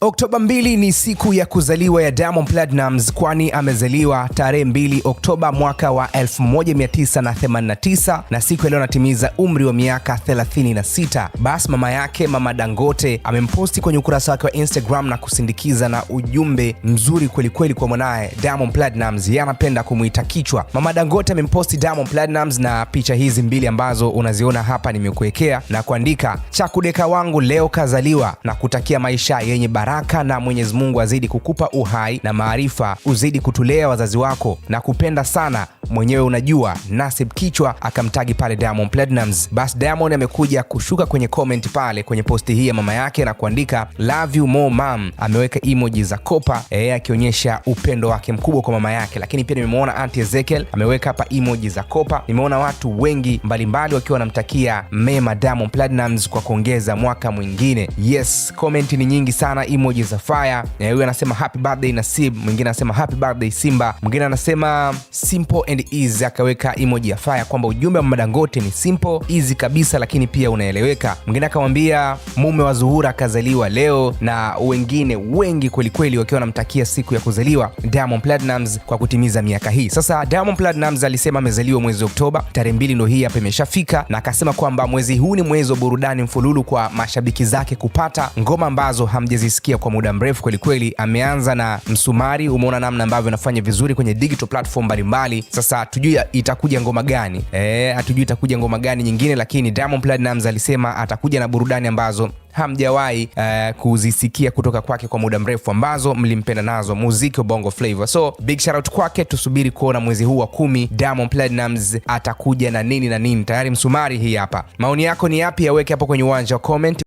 Oktoba 2 ni siku ya kuzaliwa ya Diamond Platnumz kwani amezaliwa tarehe 2 Oktoba mwaka wa 1989 na siku leo anatimiza umri wa miaka 36. Basi mama yake Mama Dangote amemposti kwenye ukurasa wake wa Instagram na kusindikiza na ujumbe mzuri kwelikweli kweli kwa mwanaye Diamond Platnumz, yeye anapenda kumuita kichwa. Mama Dangote amemposti Diamond Platnumz na picha hizi mbili ambazo unaziona hapa nimekuwekea na kuandika, chakudeka wangu leo kazaliwa na kutakia maisha yenye baraka baraka na Mwenyezi Mungu azidi kukupa uhai na maarifa, uzidi kutulea wazazi wako na kupenda sana mwenyewe unajua, Nasib Kichwa akamtagi pale Diamond Platnumz. Bas Diamond amekuja kushuka kwenye comment pale kwenye posti hii ya mama yake na kuandika love you more mam ameweka emoji za kopa e, akionyesha upendo wake mkubwa kwa mama yake. Lakini pia nimemwona anti Ezekiel ameweka hapa emoji za kopa. Nimeona watu wengi mbalimbali mbali wakiwa wanamtakia mema Diamond Platnumz kwa kuongeza mwaka mwingine. Yes, comment ni nyingi sana, emoji za fire. Eh, huyu anasema happy birthday Nasib, mwingine anasema happy birthday Simba, mwingine anasema simple and easy, akaweka emoji ya fire kwamba ujumbe wa mama Dangote ni simple easy kabisa, lakini pia unaeleweka. Mwingine akamwambia mume wa Zuhura akazaliwa leo, na wengine wengi kwelikweli wakiwa wanamtakia siku ya kuzaliwa Diamond platinums kwa kutimiza miaka hii. Sasa Diamond platinums alisema amezaliwa mwezi Oktoba tarehe mbili, ndo hii hapa imeshafika, na akasema kwamba mwezi huu ni mwezi wa burudani mfululu kwa mashabiki zake kupata ngoma ambazo hamjazisikia kwa muda mrefu kwelikweli. Ameanza na Msumari, umeona namna ambavyo anafanya vizuri kwenye digital platform mbalimbali. Sasa hatujui itakuja ngoma gani eh, hatujui itakuja ngoma gani nyingine, lakini Diamond Platnumz alisema atakuja na burudani ambazo hamjawahi uh, kuzisikia kutoka kwake kwa muda mrefu ambazo mlimpenda nazo muziki wa Bongo flavor So big shout out kwake, tusubiri kuona mwezi huu wa kumi Diamond Platnumz atakuja na nini na nini. Tayari msumari hii hapa. Maoni yako ni yapi? Yaweke hapo kwenye uwanja wa comment.